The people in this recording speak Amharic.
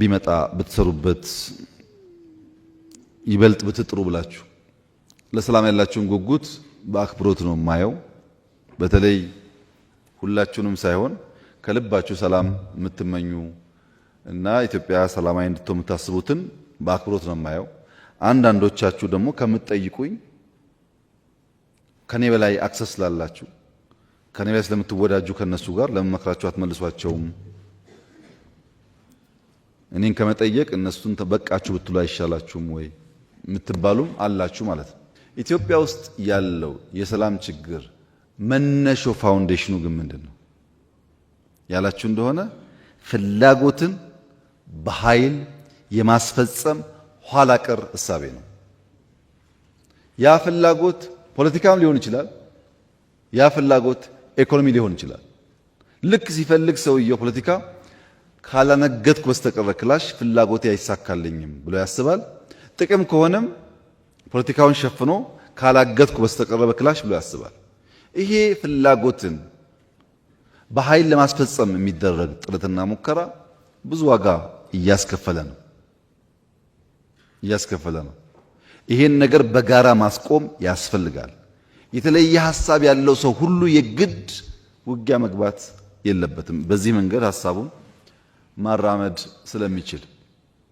ቢመጣ ብትሰሩበት ይበልጥ ብትጥሩ ብላችሁ ለሰላም ያላችሁን ጉጉት በአክብሮት ነው የማየው። በተለይ ሁላችሁንም ሳይሆን ከልባችሁ ሰላም የምትመኙ እና ኢትዮጵያ ሰላማዊ እንድትሆን የምታስቡትን በአክብሮት ነው የማየው። አንዳንዶቻችሁ ደግሞ ከምትጠይቁኝ ከኔ በላይ አክሰስ ስላላችሁ ከኔ በላይ ስለምትወዳጁ ከነሱ ጋር ለመመክራችሁ አትመልሷቸውም? እኔን ከመጠየቅ እነሱን በቃችሁ ብትሉ አይሻላችሁም ወይ የምትባሉም አላችሁ ማለት ነው። ኢትዮጵያ ውስጥ ያለው የሰላም ችግር መነሾ ፋውንዴሽኑ ግን ምንድን ነው ያላችሁ እንደሆነ ፍላጎትን በኃይል የማስፈጸም ኋላ ቀር እሳቤ ነው። ያ ፍላጎት ፖለቲካም ሊሆን ይችላል። ያ ፍላጎት ኢኮኖሚ ሊሆን ይችላል። ልክ ሲፈልግ ሰውየው ፖለቲካ ካላነገትኩ በስተቀረ ክላሽ ፍላጎቴ አይሳካልኝም ብሎ ያስባል። ጥቅም ከሆነም ፖለቲካውን ሸፍኖ ካላገትኩ በስተቀረ በክላሽ ብሎ ያስባል። ይሄ ፍላጎትን በኃይል ለማስፈጸም የሚደረግ ጥረትና ሙከራ ብዙ ዋጋ እያስከፈለ ነው እያስከፈለ ነው። ይሄን ነገር በጋራ ማስቆም ያስፈልጋል። የተለየ ሀሳብ ያለው ሰው ሁሉ የግድ ውጊያ መግባት የለበትም። በዚህ መንገድ ሀሳቡን ማራመድ ስለሚችል